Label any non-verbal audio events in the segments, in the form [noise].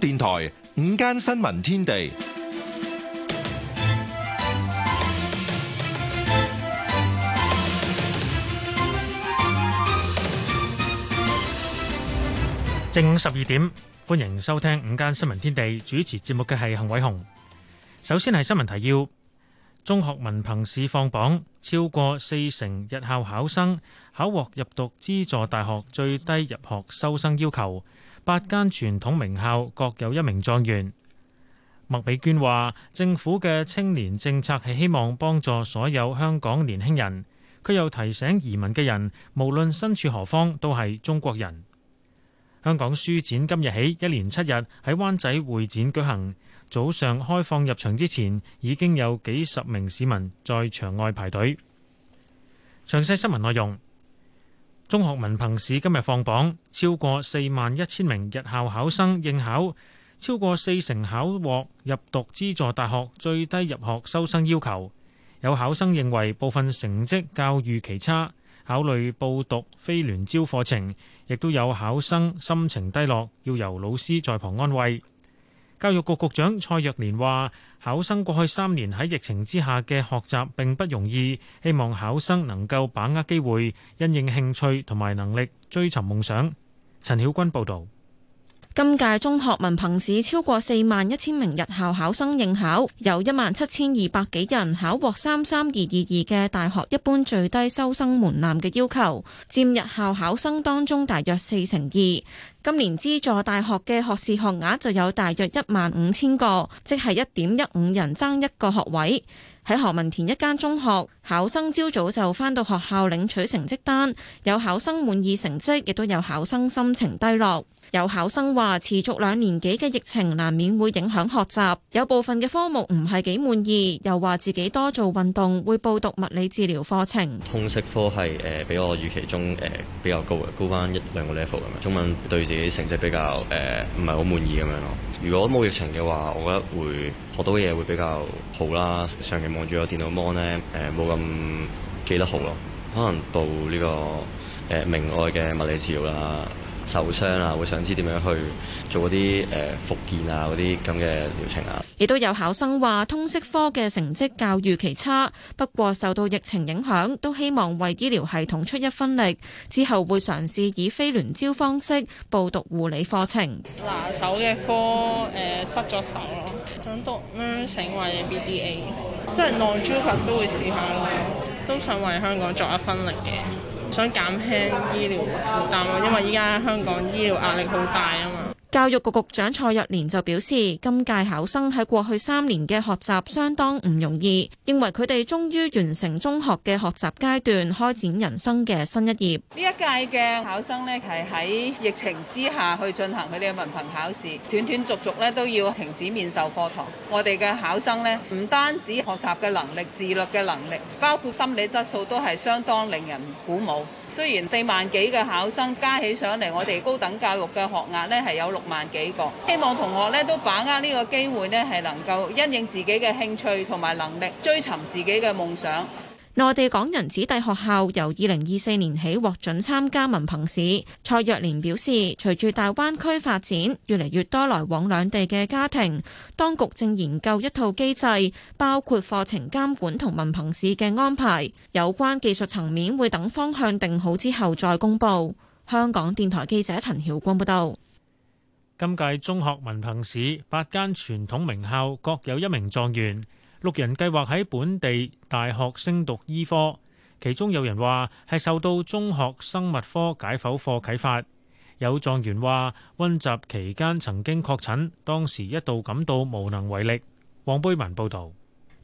電台午間新聞天地，正午十二點，歡迎收聽午間新聞天地，主持節目嘅係幸偉雄。首先係新聞提要：中學文憑試放榜，超過四成日校考生考獲入讀資助大學最低入學收生要求。八間傳統名校各有一名狀元。麥美娟話，政府嘅青年政策係希望幫助所有香港年輕人。佢又提醒移民嘅人，無論身處何方，都係中國人。香港書展今日起一連七日喺灣仔會展舉行，早上開放入場之前已經有幾十名市民在場外排隊。詳細新聞內容。中學文憑試今日放榜，超過四萬一千名日校考生應考，超過四成考獲入讀資助大學最低入學收生要求。有考生認為部分成績較預期差，考慮報讀非聯招課程，亦都有考生心情低落，要由老師在旁安慰。教育局局長蔡若蓮話：考生過去三年喺疫情之下嘅學習並不容易，希望考生能夠把握機會，因應興趣同埋能力，追尋夢想。陳曉君報道。今屆中學文憑試超過四萬一千名日校考生應考，有一萬七千二百幾人考獲三三二二二嘅大學一般最低收生門檻嘅要求，佔日校考生當中大約四成二。今年資助大學嘅學士學額就有大約一萬五千個，即係一點一五人爭一個學位。喺何文田一間中學，考生朝早就返到學校領取成績單，有考生滿意成績，亦都有考生心情低落。有考生話：持續兩年幾嘅疫情難免會影響學習，有部分嘅科目唔係幾滿意，又話自己多做運動會報讀物理治療課程。通識科係誒、呃、比我預期中誒、呃、比較高嘅，高返一兩個 level 咁樣。中文對自己成績比較誒唔係好滿意咁樣咯。如果冇疫情嘅話，我覺得會學到嘅嘢會比較好啦。長期望住個電腦 mon 咧誒冇咁記得好咯，可能報呢個誒明愛嘅物理治療啦。受傷啊，會想知點樣去做嗰啲誒復健啊嗰啲咁嘅療程啊。亦都有考生話，通識科嘅成績較預期差，不過受到疫情影響，都希望為醫療系統出一分力。之後會嘗試以非聯招方式報讀護理課程。拿手嘅科、呃、失咗手咯，想讀 nursing、嗯、成為 BBA，即係 non-JUPAS 都會試下咯，都想為香港作一分力嘅。想減輕醫療負擔咯，因為依家香港醫療壓力好大啊嘛。教育局局長蔡若蓮就表示，今屆考生喺過去三年嘅學習相當唔容易，認為佢哋終於完成中學嘅學習階段，開展人生嘅新一頁。呢一屆嘅考生咧係喺疫情之下去進行佢哋嘅文憑考試，斷斷續續咧都要停止面授課堂。我哋嘅考生咧唔單止學習嘅能力、自律嘅能力，包括心理質素都係相當令人鼓舞。雖然四萬幾嘅考生加起上嚟，我哋高等教育嘅學額咧係有六。萬幾個，希望同學咧都把握呢個機會咧，係能夠因應自己嘅興趣同埋能力，追尋自己嘅夢想。內地港人子弟學校由二零二四年起獲准參加文憑試。蔡若蓮表示，隨住大灣區發展，越嚟越多來往兩地嘅家庭，當局正研究一套機制，包括課程監管同文憑試嘅安排。有關技術層面會等方向定好之後再公布。香港電台記者陳曉光報道。今屆中學文憑試，八間傳統名校各有一名狀元，六人計劃喺本地大學升讀醫科，其中有人話係受到中學生物科解剖課啟發。有狀元話溫習期間曾經確診，當時一度感到無能為力。黃貝文報道，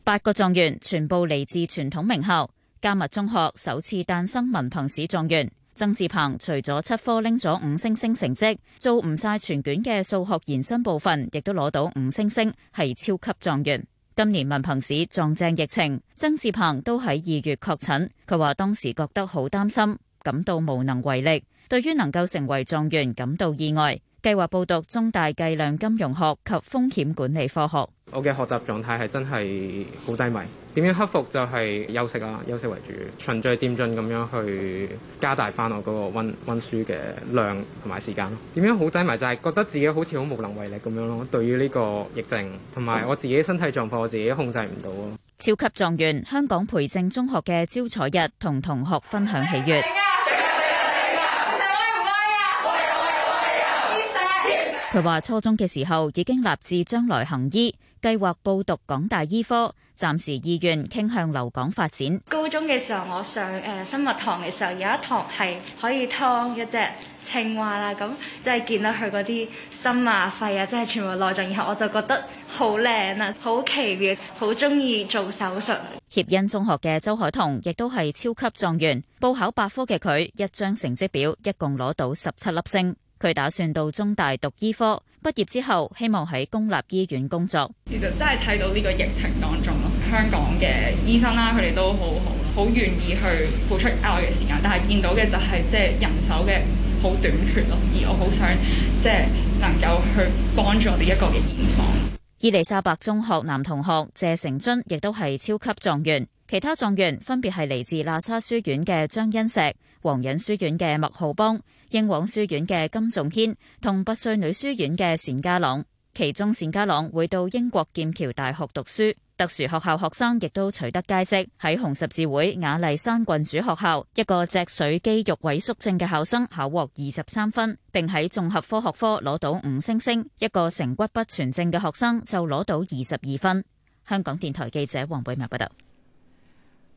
八個狀元全部嚟自傳統名校，加密中學首次誕生文憑試狀元。曾志鵬除咗七科拎咗五星星成績，做唔晒全卷嘅數學延伸部分，亦都攞到五星星，係超級狀元。今年文憑試撞正疫情，曾志鵬都喺二月確診，佢話當時覺得好擔心，感到無能為力，對於能夠成為狀元感到意外，計劃報讀中大計量金融學及風險管理科學。我嘅學習狀態係真係好低迷。點樣克服就係休息啊，休息為主，循序漸進咁樣去加大翻我嗰個溫溫書嘅量同埋時間咯。點樣好低迷就係覺得自己好似好無能為力咁樣咯。對於呢個疫症同埋我自己身體狀況，我自己控制唔到咯。嗯、超級狀元香港培正中學嘅招彩日同同學分享喜悅。佢話：醫生初中嘅時候已經立志將來行醫，計劃報讀港大醫科，暫時意願傾向留港發展。高中嘅時候，我上誒、呃、生物堂嘅時候，有一堂係可以劏一隻青蛙啦，咁即係見到佢嗰啲心啊、肺啊，即係全部內臟，然後我就覺得好靚啊，好奇妙，好中意做手術。協恩中學嘅周海彤亦都係超級狀元，報考百科嘅佢一張成績表，一共攞到十七粒星。佢打算到中大讀醫科，畢業之後希望喺公立醫院工作。其實真係睇到呢個疫情當中咯，香港嘅醫生啦、啊，佢哋都好好，好願意去付出額外嘅時間，但係見到嘅就係即係人手嘅好短缺咯。而我好想即係能夠去幫助我哋一個嘅現況。伊利沙伯中學男同學謝成津亦都係超級狀元，其他狀元分別係嚟自喇沙書院嘅張欣石、皇仁書院嘅麥浩邦，英皇書院嘅金頌軒同拔萃女書院嘅善家朗，其中善家朗會到英國劍橋大學讀書。特殊學校學生亦都取得佳績，喺紅十字會雅麗珊郡主學校，一個脊髓肌肉萎縮症嘅考生考獲二十三分，並喺綜合科學科攞到五星星。一個成骨不全症嘅學生就攞到二十二分。香港電台記者黃貝文報道。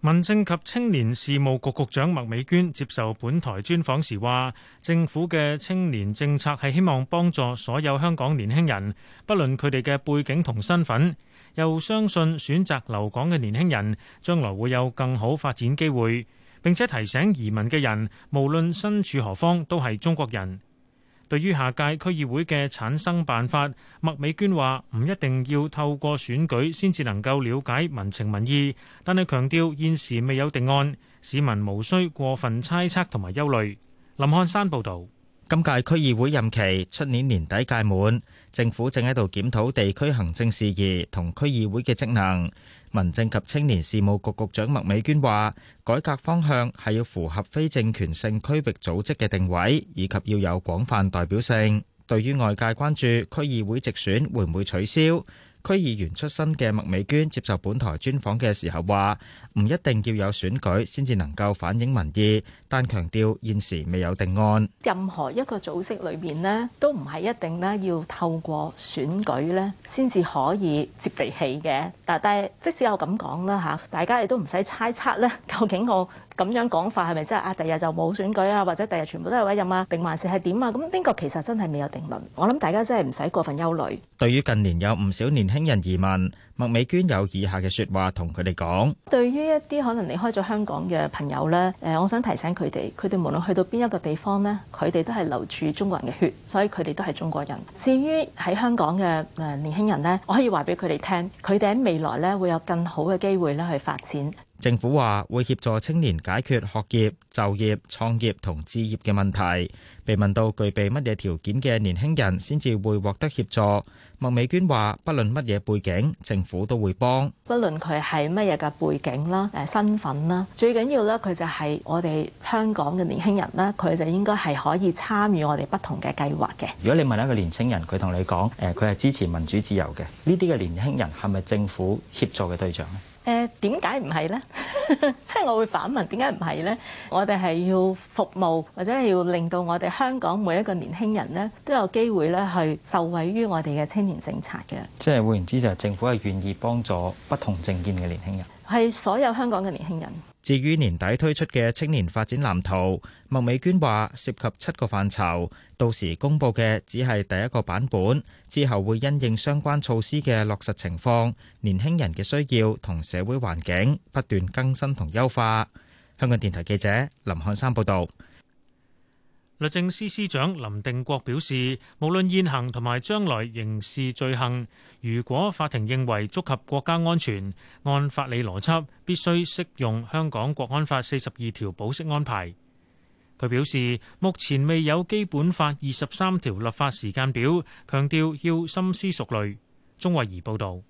民政及青年事務局局長麥美娟接受本台專訪時話，政府嘅青年政策係希望幫助所有香港年輕人，不論佢哋嘅背景同身份，又相信選擇留港嘅年輕人將來會有更好發展機會，並且提醒移民嘅人，無論身處何方，都係中國人。對於下屆區議會嘅產生辦法，麥美娟話唔一定要透過選舉先至能夠了解民情民意，但係強調現時未有定案，市民無需過分猜測同埋憂慮。林漢山報導。今屆區議會任期出年年底屆滿，政府正喺度檢討地區行政事宜同區議會嘅職能。民政及青年事務局局長麥美娟話：改革方向係要符合非政權性區域組織嘅定位，以及要有廣泛代表性。對於外界關注區議會直選會唔會取消？區議員出身嘅麥美娟接受本台專訪嘅時候話：唔一定要有選舉先至能夠反映民意，但強調現時未有定案。任何一個組織裏面咧，都唔係一定咧要透過選舉咧先至可以接地氣嘅。嗱，但係即使我咁講啦嚇，大家亦都唔使猜測咧，究竟我。咁樣講法係咪真係啊？第日就冇選舉啊，或者第日全部都係委任啊，定還是係點啊？咁邊個其實真係未有定論？我諗大家真係唔使過分憂慮。對於近年有唔少年輕人移民，麥美娟有以下嘅説話同佢哋講：對於一啲可能離開咗香港嘅朋友呢，誒，我想提醒佢哋，佢哋無論去到邊一個地方呢，佢哋都係留住中國人嘅血，所以佢哋都係中國人。至於喺香港嘅誒年輕人呢，我可以話俾佢哋聽，佢哋喺未來呢會有更好嘅機會咧去發展。政府話會協助青年解決學業、就業、創業同置業嘅問題。被問到具備乜嘢條件嘅年輕人先至會獲得協助，麥美娟話：不論乜嘢背景，政府都會幫。不論佢係乜嘢嘅背景啦，誒身份啦，最緊要咧，佢就係我哋香港嘅年輕人啦，佢就應該係可以參與我哋不同嘅計劃嘅。如果你問一個年輕人，佢同你講，誒佢係支持民主自由嘅，呢啲嘅年輕人係咪政府協助嘅對象咧？誒點解唔係呢？即 [laughs] 係我會反問，點解唔係呢？我哋係要服務，或者係要令到我哋香港每一個年輕人呢都有機會咧去受惠於我哋嘅青年政策嘅。即係換言之，就係政府係願意幫助不同政見嘅年輕人，係所有香港嘅年輕人。至於年底推出嘅青年發展藍圖，麥美娟話涉及七個範疇，到時公布嘅只係第一個版本，之後會因應相關措施嘅落實情況、年輕人嘅需要同社會環境不斷更新同優化。香港電台記者林漢山報導。律政司司長林定國表示，無論現行同埋將來刑事罪行，如果法庭認為觸及國家安全，按法理邏輯必須適用香港國安法四十二條保釋安排。佢表示，目前未有基本法二十三條立法時間表，強調要深思熟慮。鍾慧儀報道。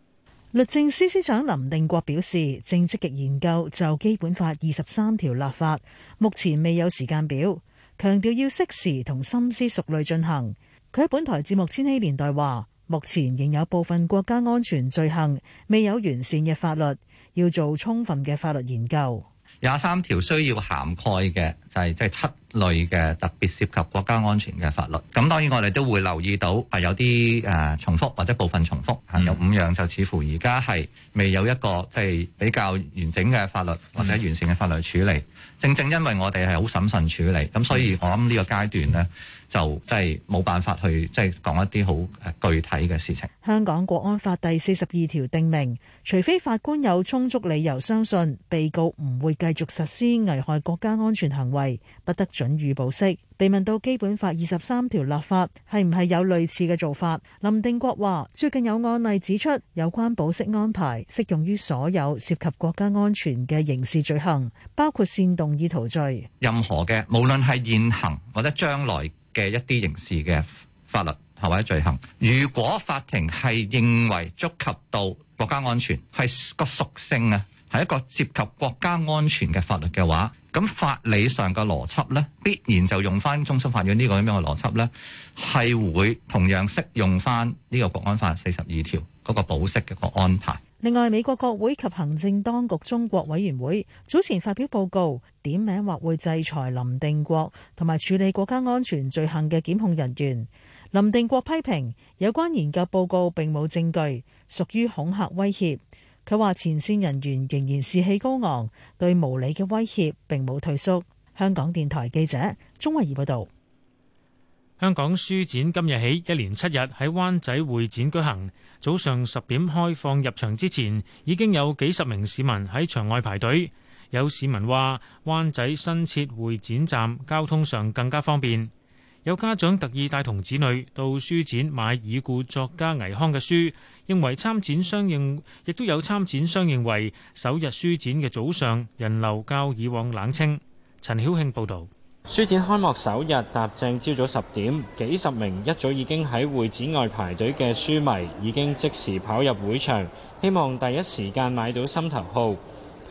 律政司司長林定國表示，正積極研究就基本法二十三條立法，目前未有時間表。強調要適時同深思熟慮進行。佢喺本台節目《千禧年代》話，目前仍有部分國家安全罪行未有完善嘅法律，要做充分嘅法律研究。廿三條需要涵蓋嘅就係即係七類嘅特別涉及國家安全嘅法律。咁當然我哋都會留意到係有啲誒重複或者部分重複吓，mm. 有五樣就似乎而家係未有一個即係、就是、比較完整嘅法律或者完善嘅法律處理。正正因為我哋係好審慎處理，咁所以我諗呢個階段咧，就即係冇辦法去即係講一啲好具體嘅事情。香港國安法第四十二條定明，除非法官有充足理由相信被告唔會繼續實施危害國家安全行為，不得准予保釋。被問到基本法二十三條立法係唔係有類似嘅做法，林定國話：最近有案例指出，有關保釋安排適用於所有涉及國家安全嘅刑事罪行，包括煽動意圖罪。任何嘅無論係現行或者將來。嘅一啲刑事嘅法律，或者罪行，如果法庭係認為觸及到國家安全，係個屬性啊，係一個涉及國家安全嘅法律嘅話，咁法理上嘅邏輯咧，必然就用翻中心法院呢個咁樣嘅邏輯咧，係會同樣適用翻呢個《國安法》四十二條嗰個保釋嘅個安排。另外，美國國會及行政當局中國委員會早前發表報告，點名或會制裁林定國同埋處理國家安全罪行嘅檢控人員。林定國批評有關研究報告並冇證據，屬於恐嚇威脅。佢話：前線人員仍然士氣高昂，對無理嘅威脅並冇退縮。香港電台記者鍾慧儀報道。香港書展今日起一連七日喺灣仔會展舉行。早上十點開放入場之前，已經有幾十名市民喺場外排隊。有市民話：灣仔新設會展站，交通上更加方便。有家長特意帶同子女到書展買已故作家倪匡嘅書，認為參展商認亦都有參展商認為首日書展嘅早上人流較以往冷清。陳曉慶報道。書展開幕首日，踏正朝早十點，幾十名一早已經喺會展外排隊嘅書迷，已經即時跑入會場，希望第一時間買到心頭好。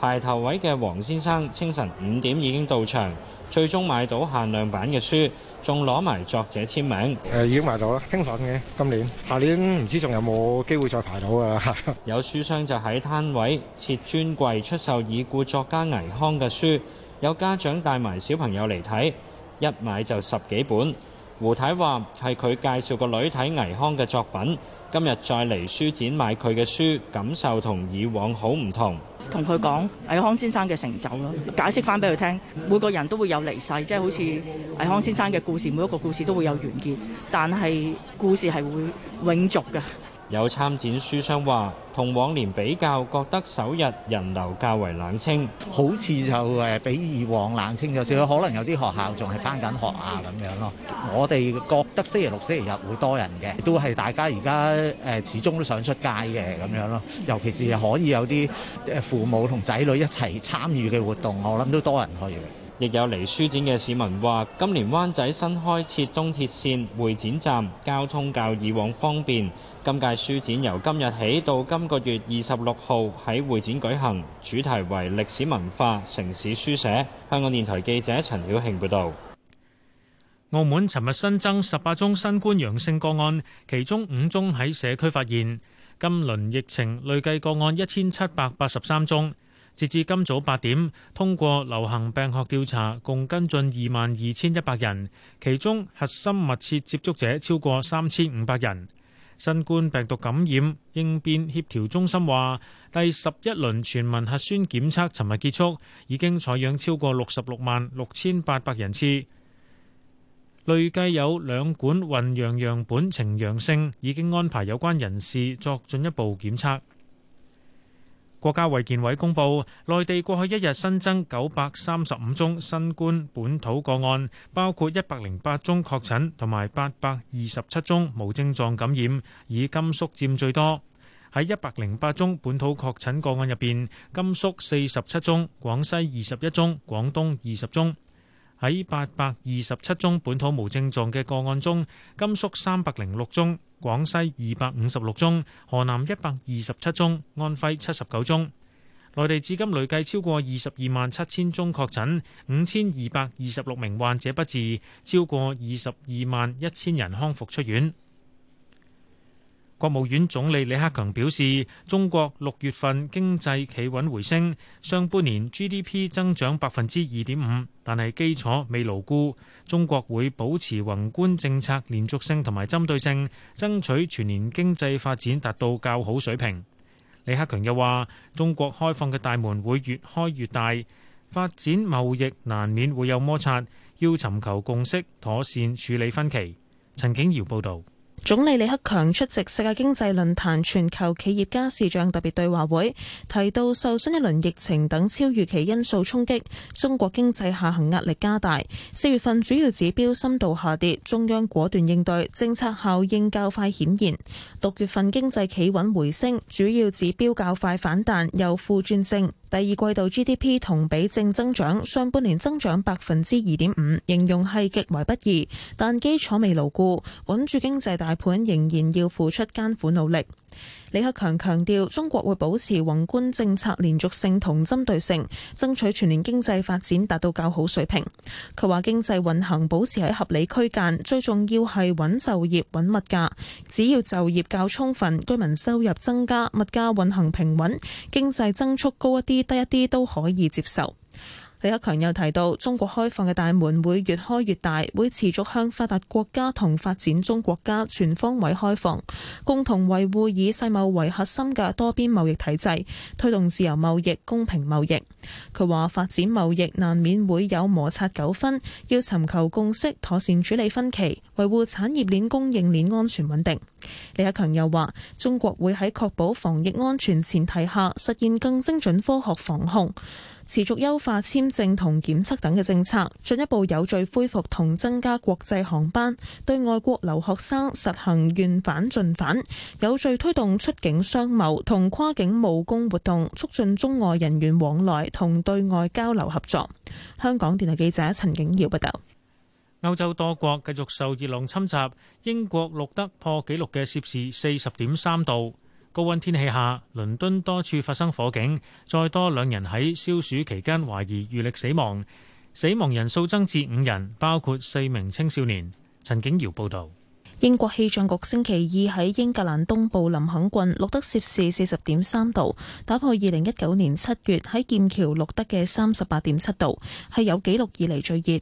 排頭位嘅黃先生，清晨五點已經到場，最終買到限量版嘅書，仲攞埋作者簽名。誒、呃，已經買到啦，興奮嘅，今年，下年唔知仲有冇機會再排到啊。 [laughs] 有書商就喺攤位設專櫃出售已故作家倪匡嘅書。有家長帶埋小朋友嚟睇，一買就十幾本。胡太話：係佢介紹個女睇倪匡嘅作品，今日再嚟書展買佢嘅書，感受同以往好唔同。同佢講倪匡先生嘅成就咯，解釋返俾佢聽。每個人都會有離世，即係好似倪匡先生嘅故事，每一個故事都會有完結，但係故事係會永續㗎。有參展書商話：同往年比較，覺得首日人流較為冷清，好似就誒比以往冷清咗少少。可能有啲學校仲係返緊學啊咁樣咯。我哋覺得星期六、星期日會多人嘅，都係大家而家誒始終都想出街嘅咁樣咯。尤其是可以有啲父母同仔女一齊參與嘅活動，我諗都多人去嘅。亦有嚟書展嘅市民話：今年灣仔新開設東鐵線會展站，交通較以往方便。今屆書展由今日起到今個月二十六號喺會展舉行，主題為歷史文化城市書寫。香港電台記者陳曉慶報道。澳門尋日新增十八宗新冠陽性個案，其中五宗喺社區發現。今輪疫情累計個案一千七百八十三宗，截至今早八點，通過流行病學調查共跟進二萬二千一百人，其中核心密切接觸者超過三千五百人。新冠病毒感染應變協調中心話，第十一輪全民核酸檢測尋日結束，已經採樣超過六十六萬六千八百人次，累計有兩管混樣樣本呈陽性，已經安排有關人士作進一步檢測。國家衛健委公布，內地過去一日新增九百三十五宗新冠本土個案，包括一百零八宗確診同埋八百二十七宗無症狀感染，以甘肅佔最多。喺一百零八宗本土確診個案入邊，甘肅四十七宗，廣西二十一宗，廣東二十宗。喺八百二十七宗本土無症狀嘅個案中，甘肅三百零六宗，廣西二百五十六宗，河南一百二十七宗，安徽七十九宗。內地至今累計超過二十二萬七千宗確診，五千二百二十六名患者不治，超過二十二萬一千人康復出院。國務院總理李克強表示，中國六月份經濟企穩回升，上半年 GDP 增長百分之二點五，但係基礎未牢固。中國會保持宏觀政策連續性同埋針對性，爭取全年經濟發展達到較好水平。李克強又話，中國開放嘅大門會越開越大，發展貿易難免會有摩擦，要尋求共識，妥善處理分歧。陳景堯報道。總理李克強出席世界經濟論壇全球企業家視像特別對話會，提到受新一輪疫情等超預期因素衝擊，中國經濟下行壓力加大。四月份主要指標深度下跌，中央果斷應對，政策效應較快顯現。六月份經濟企穩回升，主要指標較快反彈，由負轉正。第二季度 GDP 同比正增長，上半年增長百分之二點五，形容係極為不易，但基礎未牢固，穩住經濟大盤仍然要付出艱苦努力。李克強強調，中國會保持宏觀政策連續性同針對性，爭取全年經濟發展達到較好水平。佢話經濟運行保持喺合理區間，最重要係穩就業、穩物價。只要就業較充分，居民收入增加，物價運行平穩，經濟增速高一啲、低一啲都可以接受。李克強又提到，中國開放嘅大門會越開越大，會持續向發達國家同發展中國家全方位開放，共同維護以世貿為核心嘅多邊貿易體制，推動自由貿易、公平貿易。佢話發展貿易難免會有摩擦糾紛，要尋求共識，妥善處理分歧，維護產業鏈、供應鏈安全穩定。李克強又話，中國會喺確保防疫安全前提下，實現更精準、科學防控。持續優化簽證同檢測等嘅政策，進一步有序恢復同增加國際航班，對外國留學生實行願返盡返，有序推動出境商貿同跨境務工活動，促進中外人員往來同對外交流合作。香港電台記者陳景耀報道。歐洲多國繼續受熱浪侵襲，英國錄得破紀錄嘅攝氏四十點三度。高温天氣下，倫敦多處發生火警，再多兩人喺消暑期間懷疑遇溺死亡，死亡人數增至五人，包括四名青少年。陳景瑤報道。英國氣象局星期二喺英格蘭東部林肯郡錄得攝氏四十點三度，打破二零一九年七月喺劍橋錄得嘅三十八點七度，係有記錄以嚟最熱。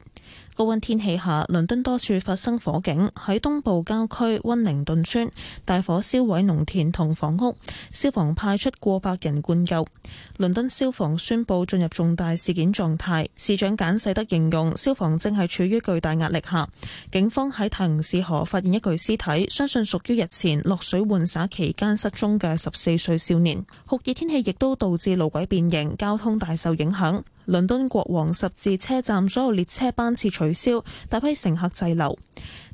高温天氣下，倫敦多處發生火警。喺東部郊區溫寧頓村，大火燒毀農田同房屋，消防派出過百人灌救。倫敦消防宣布進入重大事件狀態。市長簡世德形容消防正係處於巨大壓力下。警方喺泰晤士河發現一具屍體，相信屬於日前落水玩耍期間失蹤嘅十四歲少年。酷熱天氣亦都導致路軌變形，交通大受影響。倫敦國王十字車站所有列車班次取消，大批乘客滯留。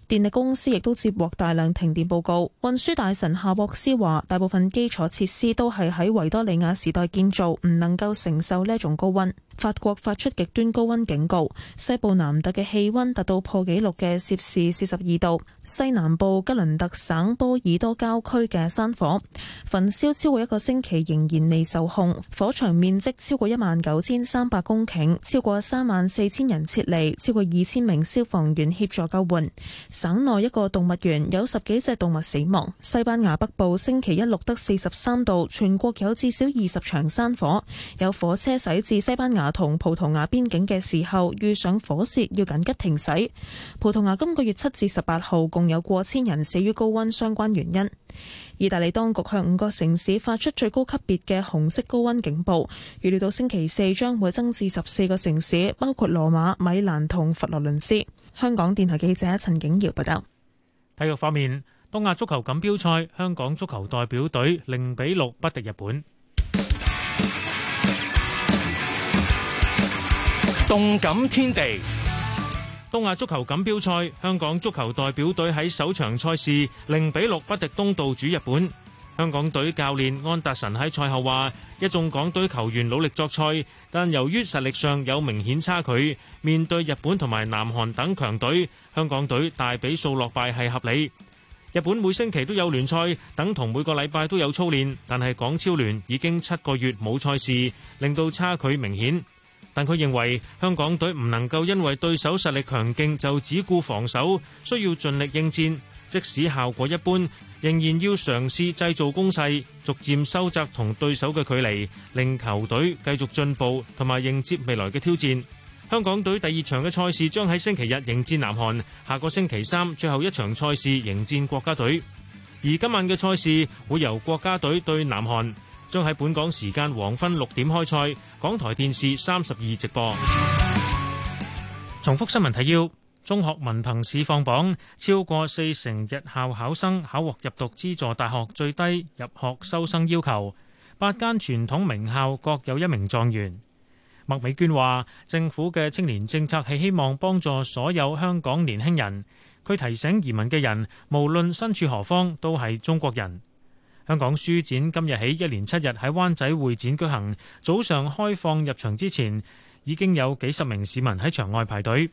電力公司亦都接獲大量停電報告。運輸大臣夏博斯話，大部分基礎設施都係喺維多利亞時代建造，唔能夠承受呢一種高溫。法國發出極端高溫警告，西部南特嘅氣溫達到破紀錄嘅攝氏四十二度。西南部吉倫特省波爾多郊區嘅山火，焚燒超過一個星期，仍然未受控，火場面積超過一萬九千三百公頃，超過三萬四千人撤離，超過二千名消防員協助救援。省內一個動物園有十幾隻動物死亡。西班牙北部星期一錄得四十三度，全國有至少二十場山火，有火車駛至西班牙。同葡萄牙邊境嘅時候遇上火舌，要緊急停駛。葡萄牙今個月七至十八號共有過千人死於高溫相關原因。意大利當局向五個城市發出最高級別嘅紅色高溫警報，預料到星期四將會增至十四個城市，包括羅馬、米蘭同佛羅倫斯。香港電台記者陳景瑤報道。體育方面，東亞足球錦標賽，香港足球代表隊零比六不敵日本。動感天地，東亞足球錦標賽，香港足球代表隊喺首場賽事零比六不敵東道主日本。香港隊教練安達臣喺賽後話：一眾港隊球員努力作賽，但由於實力上有明顯差距，面對日本同埋南韓等強隊，香港隊大比數落敗係合理。日本每星期都有聯賽，等同每個禮拜都有操練，但係港超聯已經七個月冇賽事，令到差距明顯。但佢認為香港隊唔能夠因為對手實力強勁就只顧防守，需要盡力應戰，即使效果一般，仍然要嘗試製造攻勢，逐漸收窄同對手嘅距離，令球隊繼續進步同埋迎接未來嘅挑戰。香港隊第二場嘅賽事將喺星期日迎戰南韓，下個星期三最後一場賽事迎戰國家隊，而今晚嘅賽事會由國家隊對南韓。將喺本港時間黃昏六點開賽，港台電視三十二直播。重複新聞提要：中學文憑試放榜，超過四成日校考生考獲入讀資助大學最低入學收生要求，八間傳統名校各有一名狀元。麥美娟話：政府嘅青年政策係希望幫助所有香港年輕人。佢提醒移民嘅人，無論身處何方，都係中國人。香港書展今日起一連七日喺灣仔會展舉行。早上開放入場之前，已經有幾十名市民喺場外排隊。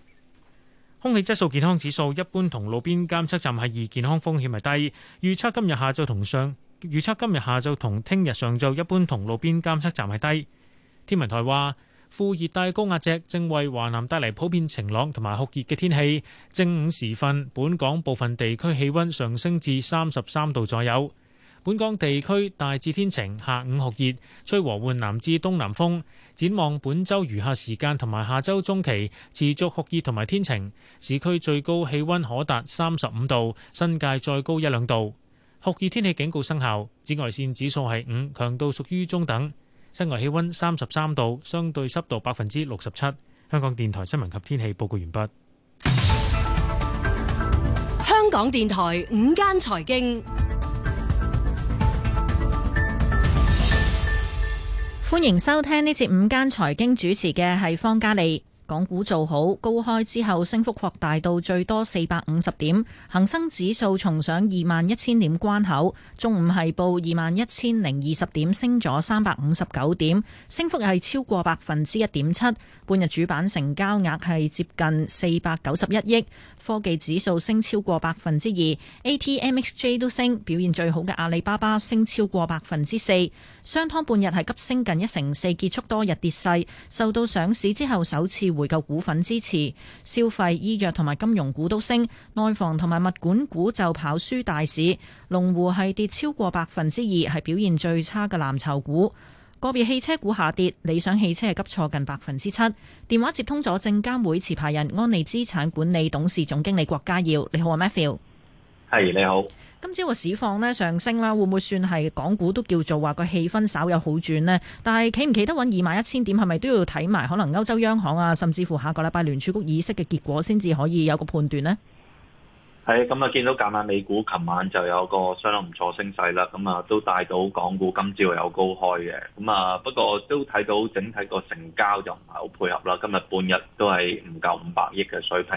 空氣質素健康指數一般，同路邊監測站係二，健康風險係低。預測今日下晝同上預測今日下晝同聽日上晝一般，同路邊監測站係低。天文台話，副熱帶高壓脊正為華南帶嚟普遍晴朗同埋酷熱嘅天氣。正午時分，本港部分地區氣溫上升至三十三度左右。本港地區大致天晴，下午酷熱，吹和緩南至東南風。展望本周餘下時間同埋下周中期，持續酷熱同埋天晴。市區最高氣溫可達三十五度，新界再高一兩度。酷熱天氣警告生效，紫外線指數係五，強度屬於中等。室外氣溫三十三度，相對濕度百分之六十七。香港電台新聞及天氣報告完畢。香港電台午間財經。歡迎收聽呢節午間財經，主持嘅係方嘉利。港股做好高開之後，升幅擴大到最多四百五十點，恒生指數重上二萬一千點關口。中午係報二萬一千零二十點，升咗三百五十九點，升幅係超過百分之一點七。半日主板成交額係接近四百九十一億，科技指數升超過百分之二，ATMXJ 都升，表現最好嘅阿里巴巴升超過百分之四。商湯半日係急升近一成四，結束多日跌勢，受到上市之後首次回購股份支持。消費、醫藥同埋金融股都升，內房同埋物管股就跑輸大市。龍湖係跌超過百分之二，係表現最差嘅藍籌股。個別汽車股下跌，理想汽車係急挫近百分之七。電話接通咗證監會持牌人安利資產管理董事總經理郭家耀，你好，Matthew。係，你好。今朝個市況呢，上升啦，會唔會算係港股都叫做話個氣氛稍有好轉呢？但係企唔企得穩二萬一千點，係咪都要睇埋可能歐洲央行啊，甚至乎下個禮拜聯儲局議息嘅結果，先至可以有個判斷呢？係咁啊，見到隔晚美股，琴晚就有個相當唔錯升勢啦，咁、嗯、啊都帶到港股今朝有高開嘅，咁、嗯、啊不過都睇到整體個成交就唔係好配合啦，今日半日都係唔夠五百億嘅水平。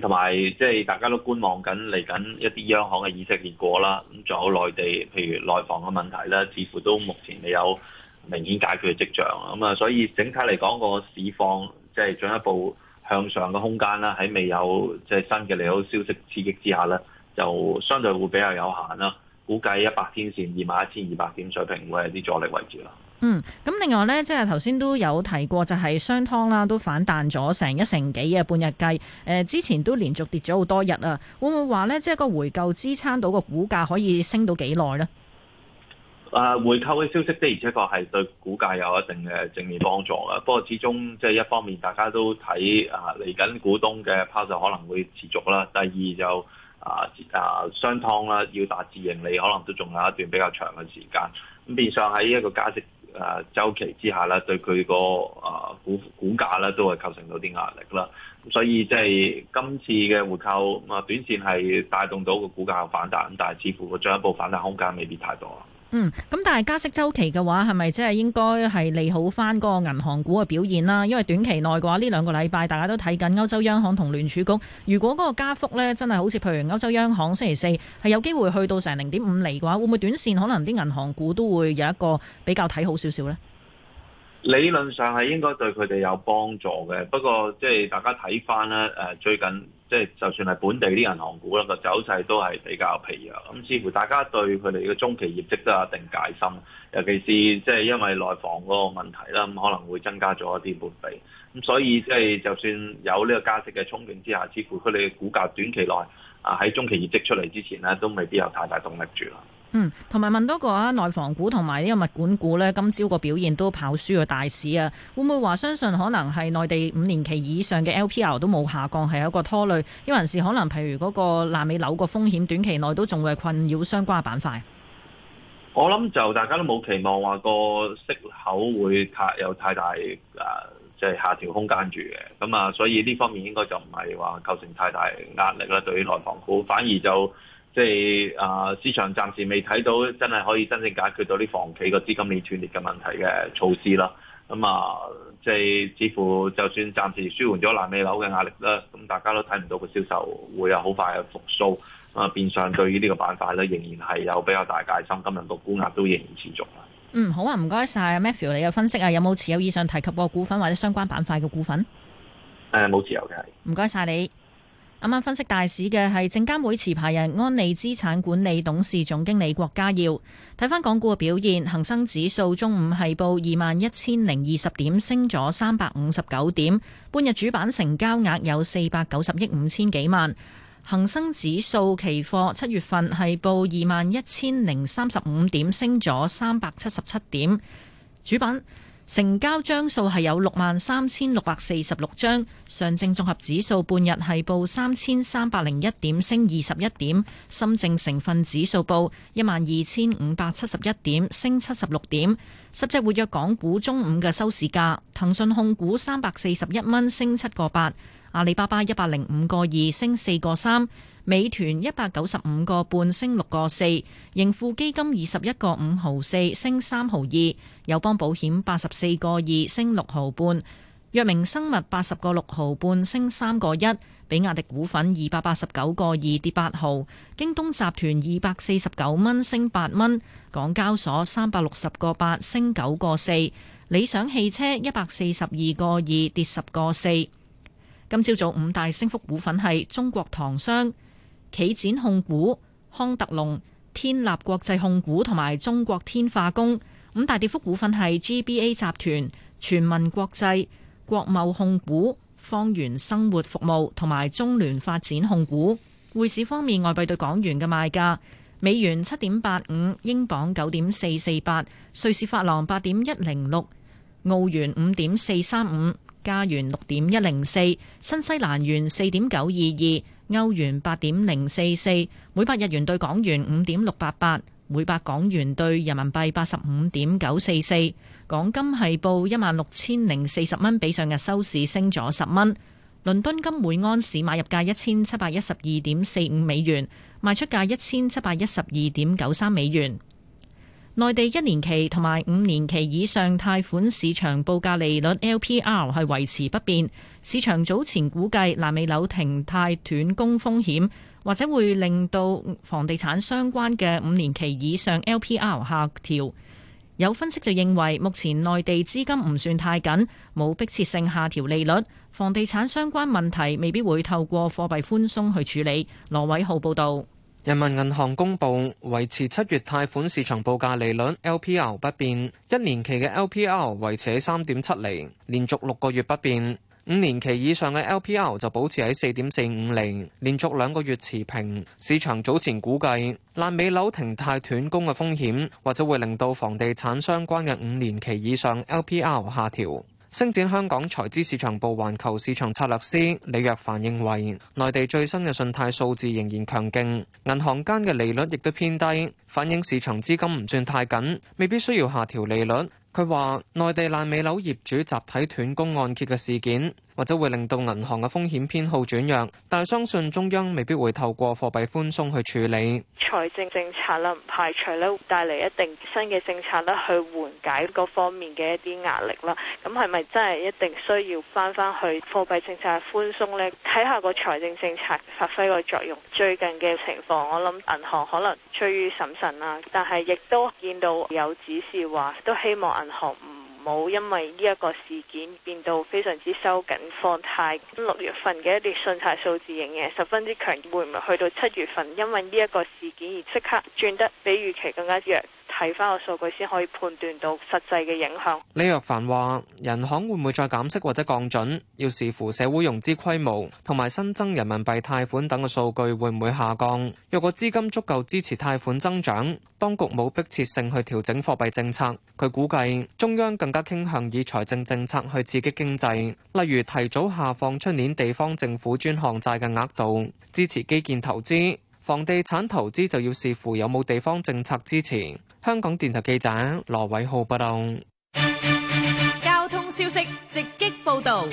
同埋即係大家都觀望緊嚟緊一啲央行嘅議息結果啦，咁仲有內地譬如內房嘅問題咧，似乎都目前未有明顯解決嘅跡象。咁啊，所以整體嚟講個市況即係進一步向上嘅空間啦，喺未有即係、就是、新嘅利好消息刺激之下咧，就相對會比較有限啦。估計一百天綫二萬一千二百點水平會係啲阻力位置啦。嗯，咁另外呢，即係頭先都有提過，就係商湯啦、啊，都反彈咗成一成幾嘅半日計。誒、呃，之前都連續跌咗好多日啊，會唔會話呢？即係個回購支撐到個股價可以升到幾耐呢？誒，回購嘅消息的，而且確係對股價有一定嘅正面幫助啊。不過始終即係一方面，大家都睇啊嚟緊股東嘅拋售可能會持續啦。第二就是、啊商啊商湯啦，要達至盈利，可能都仲有一段比較長嘅時間。咁變相喺一個價值。誒週期之下咧，對佢個誒股股價咧，都係構成到啲壓力啦。所以即係今次嘅回購啊，短線係帶動到個股價反彈，但係似乎個進一步反彈空間未必太多。嗯，咁但係加息周期嘅話，係咪即係應該係利好翻嗰個銀行股嘅表現啦？因為短期內嘅話，呢兩個禮拜大家都睇緊歐洲央行同聯儲局。如果嗰個加幅呢，真係好似譬如歐洲央行星期四係有機會去到成零點五厘嘅話，會唔會短線可能啲銀行股都會有一個比較睇好少少呢？理論上係應該對佢哋有幫助嘅，不過即係大家睇翻咧，誒最近。即係就算係本地啲銀行股咧，個走勢都係比較疲弱，咁似乎大家對佢哋嘅中期業績都有一定戒心，尤其是即係因為內房嗰個問題啦，咁可能會增加咗一啲撥備，咁所以即係就算有呢個價值嘅憧憬之下，似乎佢哋嘅股價短期內啊喺中期業績出嚟之前咧，都未必有太大動力住啦。嗯，同埋問多個啊，內房股同埋呢個物管股呢，今朝個表現都跑輸個大市啊！會唔會話相信可能係內地五年期以上嘅 LPR 都冇下降，係一個拖累？因為還是可能譬如嗰個爛尾樓個風險，短期內都仲會困擾相關嘅板塊。我諗就大家都冇期望話個息口會有太有太大誒，即係啊，即係下調空間住嘅。咁啊，所以呢方面應該就唔係話構成太大壓力啦。對於內房股，反而就。即係啊，市場暫時未睇到真係可以真正解決到啲房企個資金鏈斷裂嘅問題嘅措施啦。咁、嗯、啊，即係似乎，就算暫時舒緩咗爛尾樓嘅壓力啦，咁、嗯、大家都睇唔到個銷售會有好快嘅復甦。啊，變相對於呢個板塊咧，仍然係有比較大戒心，今日個沽壓都仍然持續。嗯，好啊，唔該曬，Matthew，你嘅分析啊，有冇持有以上提及個股份或者相關板塊嘅股份？誒、呃，冇持有嘅，係。唔該晒你。啱啱分析大市嘅係證監會持牌人安利資產管理董事總經理郭家耀。睇翻港股嘅表現，恒生指數中午係報二萬一千零二十點，升咗三百五十九點。半日主板成交額有四百九十億五千幾萬。恒生指數期貨七月份係報二萬一千零三十五點，升咗三百七十七點。主板。成交張數係有六萬三千六百四十六張，上證綜合指數半日係報三千三百零一點，升二十一點，深證成分指數報一萬二千五百七十一點，升七十六點。十隻活躍港股中午嘅收市價，騰訊控股三百四十一蚊，升七個八，阿里巴巴一百零五個二，升四個三。美團一百九十五個半升六個四，盈富基金二十一個五毫四升三毫二，友邦保險八十四個二升六毫半，藥明生物八十個六毫半升三個一，比亞迪股份二百八十九個二跌八毫，京東集團二百四十九蚊升八蚊，港交所三百六十個八升九個四，理想汽車一百四十二個二跌十個四。今朝早五大升幅股份係中國糖商。企展控股、康特隆、天立國際控股同埋中國天化工。五大跌幅股份係 G B A 集團、全民國際、國貿控股、方圓生活服務同埋中聯發展控股。匯市方面，外幣對港元嘅賣價：美元七點八五，英鎊九點四四八，瑞士法郎八點一零六，澳元五點四三五，加元六點一零四，新西蘭元四點九二二。歐元八點零四四，每百日元對港元五點六八八，每百港元對人民幣八十五點九四四。港金係報一萬六千零四十蚊，比上日收市升咗十蚊。倫敦金每安士買入價一千七百一十二點四五美元，賣出價一千七百一十二點九三美元。內地一年期同埋五年期以上貸款市場報價利率 LPR 係維持不變。市場早前估計難免有停貸斷供風險，或者會令到房地產相關嘅五年期以上 LPR 下調。有分析就認為，目前內地資金唔算太緊，冇迫切性下調利率。房地產相關問題未必會透過貨幣寬鬆去處理。羅偉浩報導。人民銀行公布維持七月貸款市場報價利率 LPR 不變，一年期嘅 LPR 維持喺三點七釐，連續六個月不變；五年期以上嘅 LPR 就保持喺四點四五釐，連續兩個月持平。市場早前估計，爛尾樓停貸斷供嘅風險，或者會令到房地產相關嘅五年期以上 LPR 下調。星展香港財資市場部環球市場策略師李若凡認為，內地最新嘅信貸數字仍然強勁，銀行間嘅利率亦都偏低，反映市場資金唔算太緊，未必需要下調利率。佢話，內地爛尾樓業主集體斷供按揭嘅事件。或者會令到銀行嘅風險偏好轉弱，但係相信中央未必會透過貨幣寬鬆去處理財政政策啦，唔排除咧帶嚟一定新嘅政策咧去緩解各方面嘅一啲壓力啦。咁係咪真係一定需要翻翻去貨幣政策寬鬆呢？睇下個財政政策發揮個作用。最近嘅情況，我諗銀行可能需謹慎啦，但係亦都見到有指示話都希望銀行冇因為呢一個事件變到非常之收緊放貸，六月份嘅一啲信貸數字仍然十分之強，會唔會去到七月份？因為呢一個事件而即刻轉得比預期更加弱？睇翻個數據先可以判斷到實際嘅影響。李若凡話，人行會唔會再減息或者降準，要視乎社會融資規模同埋新增人民幣貸款等嘅數據會唔會下降。若果資金足夠支持貸款增長，當局冇迫切性去調整貨幣政策。佢估計中央更加傾向以財政政策去刺激經濟，例如提早下放出年地方政府專項債嘅額度，支持基建投資。房地產投資就要視乎有冇地方政策支持。香港電台記者羅偉浩報道。交通消息直擊報，報道。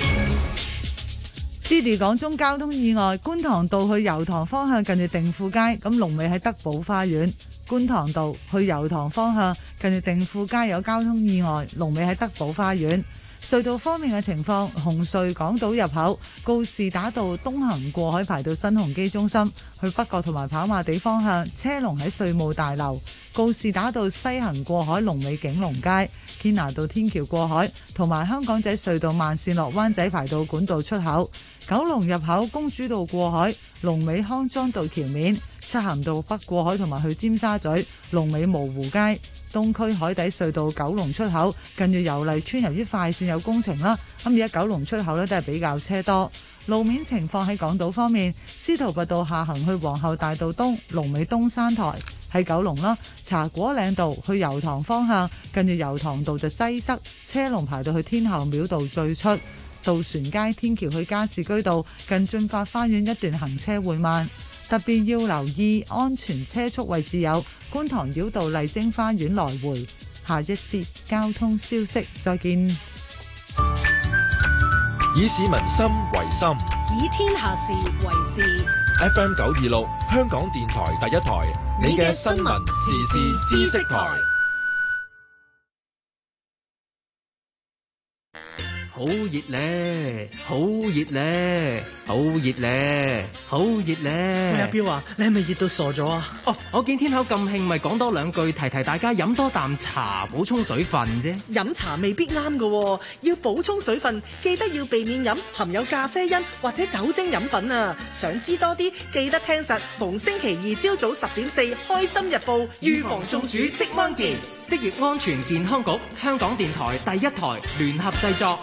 爹哋講中交通意外，觀塘道去油塘方向近住定富街，咁龍尾喺德寶花園。觀塘道去油塘方向近住定富街，街有交通意外，龍尾喺德寶花園。隧道方面嘅情況，紅隧港島入口告士打道東行過海，排到新鴻基中心，去北角同埋跑馬地方向車龍喺稅務大樓，告士打道西行過海龍尾景隆街，堅拿道天橋過海同埋香港仔隧道慢線落灣仔，排到管道出口，九龍入口公主道過海龍尾康莊道橋面。出行到北過海同埋去尖沙咀，龍尾蕪湖街，東區海底隧道九龍出口，近住油麗村，由於快綫有工程啦，咁而家九龍出口咧都係比較車多。路面情況喺港島方面，司徒拔道下行去皇后大道東，龍尾東山台喺九龍啦，茶果嶺道去油塘方向，近住油塘道就擠塞，車龍排到去天后廟道最出，渡船街天橋去加士居道近駿發花園一段行車會慢。特別要留意安全車速位置有觀塘繞道麗晶花園來回。下一節交通消息，再見。以市民心為心，以天下事為事。FM 九二六，26，香港電台第一台，你嘅新聞時事知識台。好熱咧！好熱咧！好熱咧！好熱咧！阿彪啊，你係咪熱到傻咗啊？哦，我見天口咁興，咪講多兩句，提提大家飲多啖茶補充水分啫。飲茶未必啱㗎，要補充水分，記得要避免飲含有咖啡因或者酒精飲品啊。想知多啲，記得聽實逢星期二朝早十點四《開心日報》，預防中暑即安健，職業安全健康局，香港電台第一台聯合製作。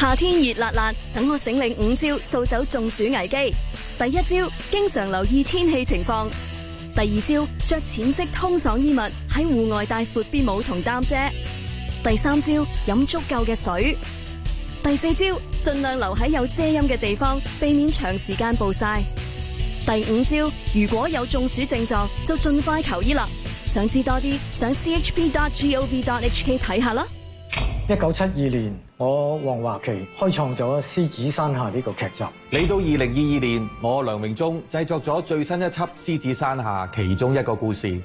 夏天熱辣辣，等我醒領五招掃走中暑危機。第一招，經常留意天氣情況；第二招，着淺色通爽衣物喺戶外帶闊邊帽同擔遮；第三招，飲足夠嘅水；第四招，盡量留喺有遮陰嘅地方，避免長時間暴曬；第五招，如果有中暑症狀，就盡快求醫啦。想知多啲，上 chp.gov.hk 睇下啦。一九七二年，我黃華麒開創咗《獅子山下》呢、這個劇集。嚟到二零二二年，我梁榮忠製作咗最新一輯《獅子山下》其中一個故事。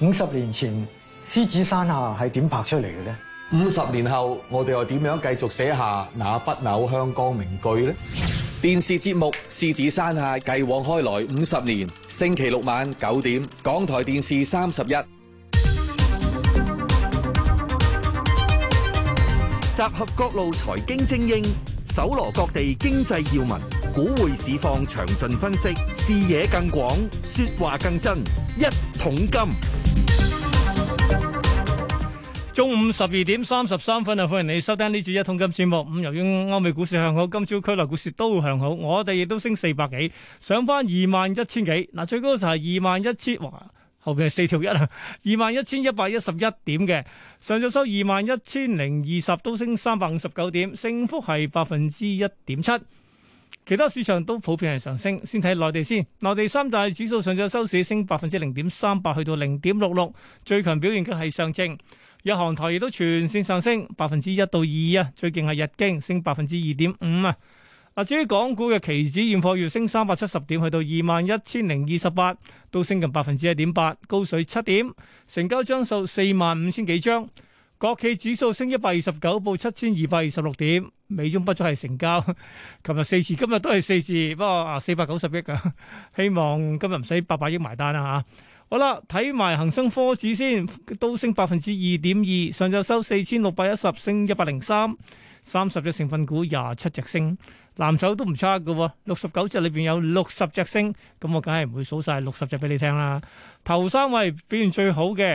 五十年前，獅《獅子山下》係點拍出嚟嘅呢？五十年後，我哋又點樣繼續寫下那不朽香江名句呢？電視節目《獅子山下》繼往開來五十年，星期六晚九點，港台電視三十一。集合各路財經精英，搜羅各地經濟要聞，股匯市況詳盡分析，視野更廣，說話更真。一桶金，中午十二點三十三分啊！歡迎你收聽呢次一桶金節目。咁由於歐美股市向好，今朝區內股市都會向好，我哋亦都升四百幾，上返二萬一千幾。嗱，最高就係二萬一千後邊係四條一啊，二萬一千一百一十一點嘅上晝收二萬一千零二十，都升三百五十九點，升幅係百分之一點七。其他市場都普遍係上升。先睇內地先，內地三大指數上晝收市升百分之零點三八，去到零點六六。最強表現嘅係上證，日韓台亦都全線上升百分之一到二啊。最勁係日經升百分之二點五啊。嗱，至於港股嘅期指現貨，月升三百七十點，去到二萬一千零二十八，都升近百分之一點八，高水七點，成交張數四萬五千幾張。國企指數升一百二十九，報七千二百二十六點。美中不足係成交，琴日四字，今日都係四字，不過啊四百九十億啊，希望今日唔使八百億埋單啦嚇。好啦，睇埋恒生科指先，都升百分之二點二，上晝收四千六百一十，升一百零三，三十隻成分股廿七隻升。藍籌都唔差噶，六十九隻裏邊有六十隻升，咁我梗係唔會數晒六十隻俾你聽啦。頭三位表現最好嘅。